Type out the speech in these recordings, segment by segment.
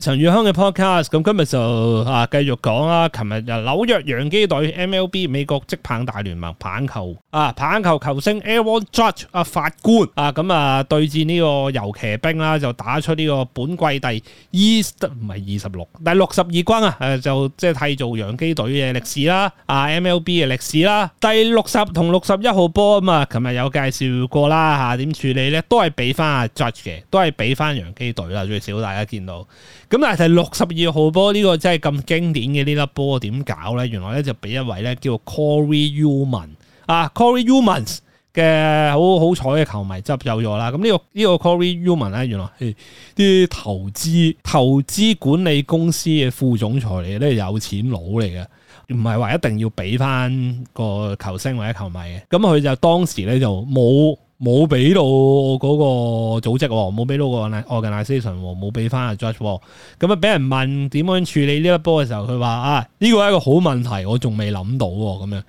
陳宇香嘅 podcast，咁今日就啊繼續講啦。琴日就紐約洋基隊 MLB 美國職棒大聯盟棒球啊棒球球星 Aaron Judge 啊法官啊咁、嗯、啊對戰呢個遊騎兵啦、啊，就打出呢個本季第 East 唔係二十六第六十二冠啊誒就即係締造洋基隊嘅歷史啦啊 MLB 嘅歷史啦、啊、第六十同六十一號波啊嘛，琴日有介紹過啦吓點、啊、處理呢？都係俾翻阿 Judge 嘅，都係俾翻洋基隊啦，最少大家見到。咁但係第六十二號波呢個真係咁經典嘅呢粒波點搞呢？原來呢就俾一位呢，叫 Corey Uman 啊 Corey，y，Uman 嘅好好彩嘅球迷執有咗啦。咁、嗯、呢、這個呢、這個 Corey Uman 呢，原來係啲投資投資管理公司嘅副總裁嚟嘅，都係有錢佬嚟嘅，唔係話一定要俾翻個球星或者球迷嘅。咁、嗯、佢就當時呢就冇。冇俾到嗰個組織喎，冇俾到個 organisation 喎，冇俾翻 judge 喎。咁啊，俾人問點樣處理呢一波嘅時候，佢話啊，呢個係一個好問題，我仲未諗到咁樣。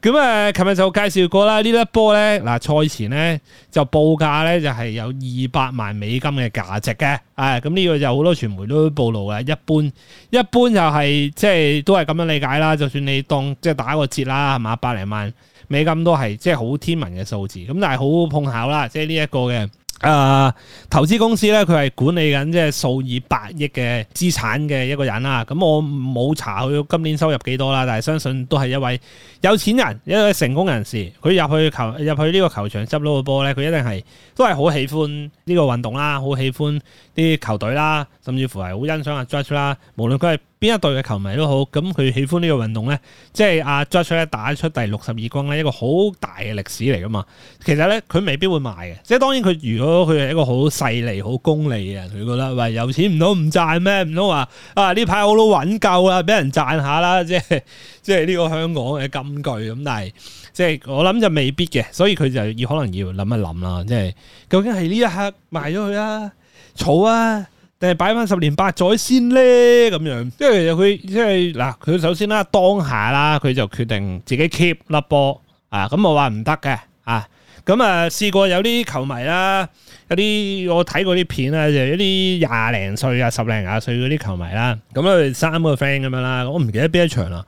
咁啊，琴日就介紹過啦，呢一波咧，嗱、啊、賽前咧就報價咧就係有二百萬美金嘅價值嘅。啊，咁呢個就好多傳媒都暴露嘅。一般一般就係、是、即係都係咁樣理解啦。就算你當即係打個折啦，係嘛，百零萬。美金都係即係好天文嘅數字，咁但係好碰巧啦，即係呢一個嘅誒、呃、投資公司咧，佢係管理緊即係數以百億嘅資產嘅一個人啦。咁、嗯、我冇查佢今年收入幾多啦，但係相信都係一位有錢人，一位成功人士。佢入去球入去呢個球場執到個波咧，佢一定係都係好喜歡呢個運動啦，好喜歡啲球隊啦，甚至乎係好欣賞阿 Judge 啦，無論佢係邊一隊嘅球迷都好，咁佢喜歡呢個運動呢？即係阿 Judge 打出第六十二冠呢，一個好大嘅歷史嚟噶嘛。其實呢，佢未必會賣嘅。即係當然，佢如果佢係一個好勢利、好功利嘅人，佢覺得喂，有錢唔通唔賺咩？唔通話啊呢排我都揾夠啦，俾人賺下啦，即係即係呢個香港嘅金句咁。但係即係我諗就未必嘅，所以佢就要可能要諗一諗啦。即係究竟係呢一刻賣咗佢啊，草啊！定係擺翻十年八載先咧咁樣，因為佢即係嗱，佢首先啦，當下啦，佢就決定自己 keep 粒波啊，咁我話唔得嘅啊，咁啊試過有啲球迷啦，有啲我睇過啲片啦，就一啲廿零歲啊十零廿歲嗰啲球迷啦，咁佢哋三個 friend 咁樣啦，我唔記得邊一場啦，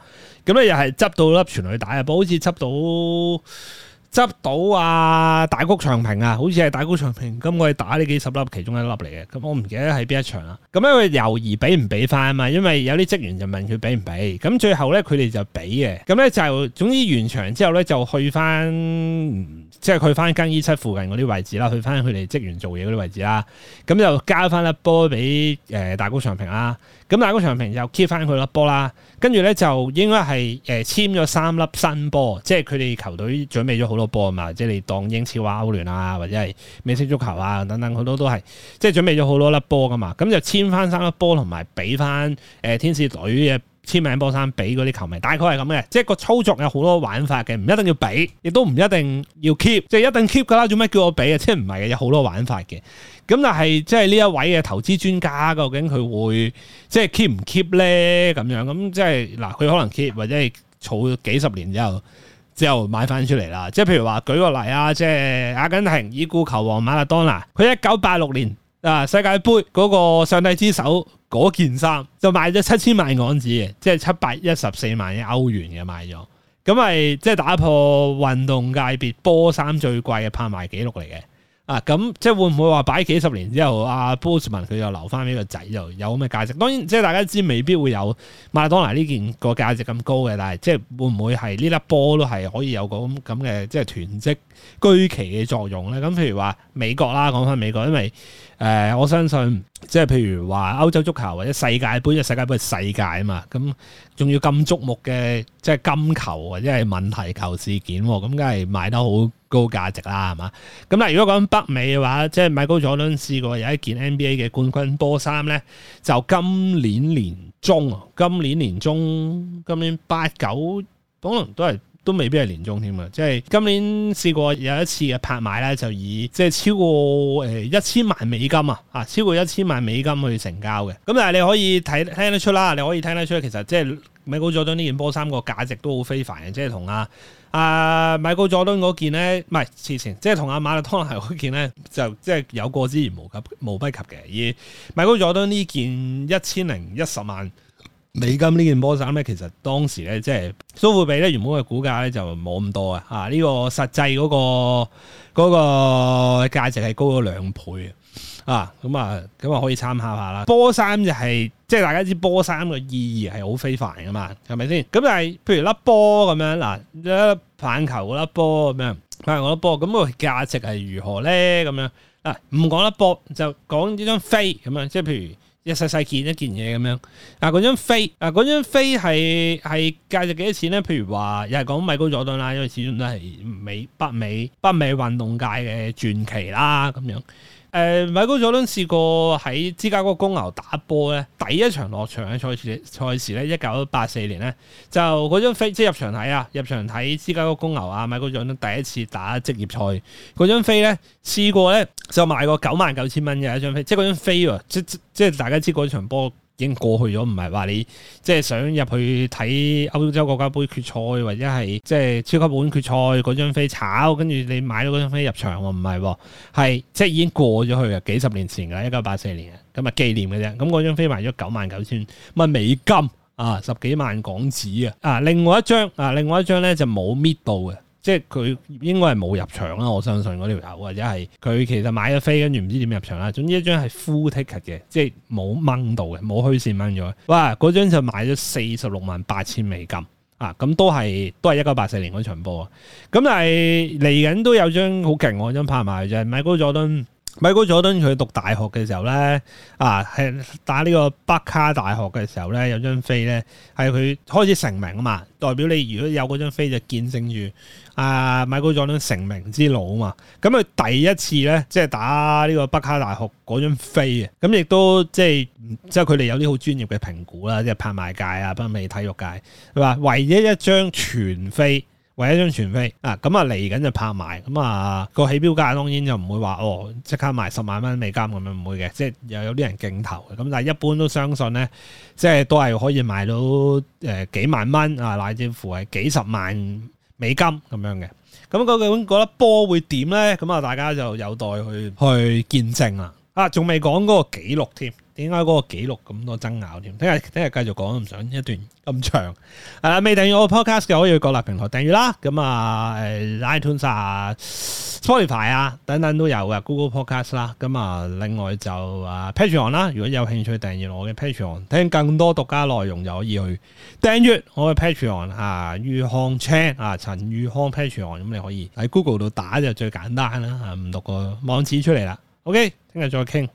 咁咧又係執到粒傳去打啊，打好似執到。執到啊！大谷翔平啊，好似係大谷翔平，咁我哋打呢幾十粒其中一粒嚟嘅，咁我唔記得喺邊一場啦，啊。咁因為猶豫俾唔俾翻嘛，因為有啲職員就問佢俾唔俾，咁最後咧佢哋就俾嘅。咁咧就總之完場之後咧就去翻，嗯，即係去翻更衣室附近嗰啲位置啦，去翻佢哋職員做嘢嗰啲位置啦。咁就交翻粒波俾誒大谷翔平啦，啊。咁大谷翔平又 keep 翻佢粒波啦。跟住咧就應該係誒簽咗三粒新波，即係佢哋球隊準備咗好多。波啊嘛，即係你當英超、啊、歐聯啊，或者係美式足球啊，等等，好多都係即係準備咗好多粒波噶嘛，咁就簽翻三粒波，同埋俾翻誒天使隊嘅簽名波衫俾嗰啲球迷，大概係咁嘅，即係個操作有好多玩法嘅，唔一定要俾，亦都唔一定要 keep，即係一定 keep 噶啦，做咩叫我俾啊？即係唔係嘅，有好多玩法嘅，咁但係即係呢一位嘅投資專家究竟佢會即係 keep 唔 keep 咧？咁樣咁即係嗱，佢可能 keep 或者係儲咗幾十年之後之後買翻出嚟啦，即係譬如話舉個例啊，即係阿根廷已故球王馬拉多納，佢一九八六年啊世界杯嗰個上帝之手嗰件衫，就賣咗七千萬港紙，即係七百一十四萬嘅歐元嘅賣咗，咁係即係打破運動界別波衫最貴嘅拍賣紀錄嚟嘅。啊，咁即係會唔會話擺幾十年之後，阿 Bosman 佢又留翻呢個仔，就有咁嘅價值？當然，即係大家知未必會有麥當娜呢件個價值咁高嘅，但係即係會唔會係呢粒波都係可以有咁咁嘅即係囤積居奇嘅作用咧？咁譬如話美國啦，講翻美國，因為。誒、呃，我相信即係譬如話歐洲足球或者世界盃，因世界盃係世界啊嘛，咁仲要咁矚目嘅即係金球或者係問題球事件，咁梗係賣得好高價值啦，係嘛？咁但係如果講北美嘅話，即係米高佐敦，我都試過有一件 NBA 嘅冠軍波衫咧，就今年年中啊，今年年中，今年八九，可能都係，都未必係年終添啊！即係今年試過有一次嘅拍賣咧，就以即係超過誒一千萬美金啊啊！超過一千萬美金去成交嘅。咁但係你可以睇聽得出啦，你可以聽得出其實即係米高佐敦呢件波衫個價值都好非凡嘅，即係同阿阿米高佐敦嗰件咧，唔係之前即係同阿馬勒當拿係嗰件咧，就即係有過之而無，無不及無不及嘅。而米高佐敦呢件一千零一十萬。美金呢件波衫咧，其實當時咧即係蘇富比咧原本嘅估價咧就冇咁多嘅，啊呢、這個實際嗰、那個嗰、那個價值係高咗兩倍啊，咁啊咁啊、嗯嗯嗯、可以參考下啦。波衫就係、是、即係大家知波衫嘅意義係好非凡噶嘛，係咪先？咁、嗯、但係譬如甩波咁樣嗱，一粒棒球嘅甩波咁樣，係我甩波，咁個價值係如何咧？咁、啊、樣嗱，唔講甩波就講呢張飛咁樣，即係譬如。一細細件一件嘢咁樣，啊嗰張飛，啊嗰張飛係係價值幾多錢咧？譬如話又係講米高佐敦啦，因為始終都係美北美北美運動界嘅傳奇啦咁樣。誒、嗯，米高佐敦試過喺芝加哥公牛打波咧，第一場落場嘅賽事，賽事咧一九八四年咧，就嗰張飛即入場睇啊，入場睇芝加哥公牛啊，米高佐敦第一次打職業賽，嗰張飛咧試過咧就賣過九萬九千蚊嘅一張飛，即嗰張飛啊，即即係大家知嗰場波已經過去咗，唔係話你即係想入去睇歐洲國家杯決賽或者係即係超級碗決賽嗰張飛炒，跟住你買咗嗰張飛入場，唔係喎，係即係已經過咗去嘅，幾十年前噶，一九八四年嘅，咁啊紀念嘅啫。咁嗰張飛賣咗九萬九千蚊美金啊，十幾萬港紙啊。啊，另外一張啊，另外一張咧就冇搣到嘅。即係佢應該係冇入場啦，我相信嗰條友或者係佢其實買咗飛跟住唔知點入場啦。總之一張係 full ticket 嘅，即係冇掹到嘅，冇虛線掹咗。哇！嗰張就買咗四十六萬八千美金啊！咁、嗯、都係都係一九八四年嗰場波啊！咁但係嚟緊都有張好勁喎，張拍賣，就係米高佐敦。米高佐敦佢讀大學嘅時候咧，啊係打呢個北卡大學嘅時候咧，有張飛咧係佢開始成名啊嘛，代表你如果有嗰張飛就見證住啊米高佐敦成名之路啊嘛。咁佢第一次咧即係打呢個北卡大學嗰張飛啊，咁亦都即係即係佢哋有啲好專業嘅評估啦，即係拍賣界啊、北美體育界，係嘛，唯一一張全飛。為一張全飛啊，咁啊嚟緊就拍賣。咁啊個起標價當然就唔會話哦，即刻賣十萬蚊美金咁樣唔會嘅，即係又有啲人競投嘅，咁但係一般都相信咧，即係都係可以賣到誒幾萬蚊啊，乃至乎係幾十萬美金咁樣嘅，咁究竟嗰粒波會點咧？咁啊，大家就有待去去見證啦，啊，仲未講嗰個紀錄添。點解嗰個記錄咁多爭拗添？聽日聽日繼續講，唔想一段咁長。誒、啊，未訂閱我嘅 podcast 嘅可以去各立平台訂閱啦。咁啊，誒、欸、，iTunes 啊，啊、Spotify 啊，等等都有嘅、啊。Google podcast 啦。咁啊，另外就啊 Patreon 啦，如果有興趣訂閱我嘅 Patreon 聽更多獨家內容，就可以去訂閱我嘅 Patreon 啊。宇康青，啊，陳宇康 Patreon，咁你可以喺 Google 度打就最簡單啦。唔五六個網址出嚟，啦。OK，聽日再傾。